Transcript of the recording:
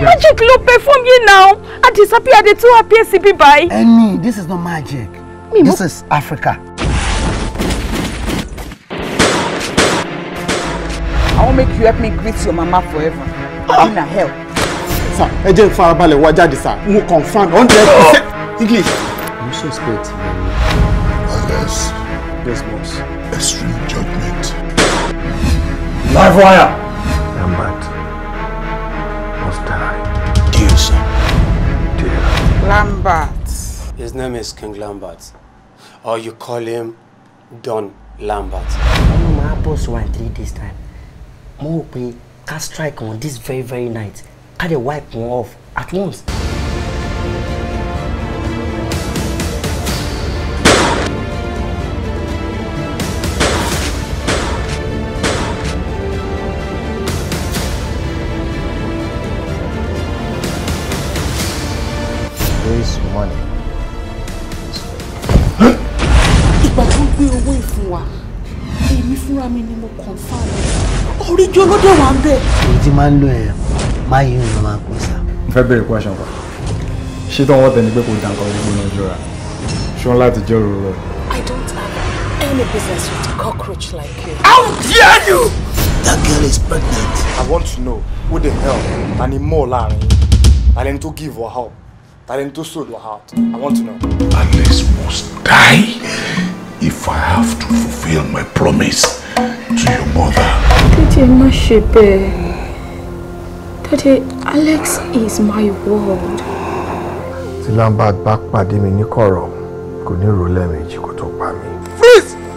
Magic ló perform you now. I disappear, I dey appear, happy CB by. Any, this is not magic. Mi this is Africa. I will make you help me greet your mama forever. Ah. In her help. Sir, agent Farabale, what did jáde sir. Mo confirm hundred percent English. You suspect. Unless. Yes, boss. Extreme judgment. Live wire almost died. Dear son. Dear. Lambert. His name is King Lambert. Or you call him Don Lambert. I know my boss in three this time. Mo pe ká strike on this very very night. Ká dey wipe wọn off at once. raise money this way. ìgbà tó ń gbé owó ìfún wa èmi fúnra mi ni mo kàn fáwọn oríjì olódò wa ń bẹ. èyí tí máa ń lò ẹ máa yí òun máa kó sá. mo fẹ́ bẹ̀rẹ̀ question kan ṣé tí wọ́n tẹ̀ ní pé kò dàgbà gbogbo náà jọra ṣùgbọ́n láti jẹ́ òróró. I don't have any business with a cockroach like you. How dare you! That girl is pregnant. I want to know who the hell Animola and then to give her help tàbí tó sold your heart i want to know. Alex must die if i have to fulfill my promise to your mother. Daddy, má ṣe bẹ́ẹ̀. Alex is my world. Tí Lambert back pàdé mi ní kọ̀rọ̀, kò ní rò lẹ́ẹ̀mejì kó tó pa mí. Freeze!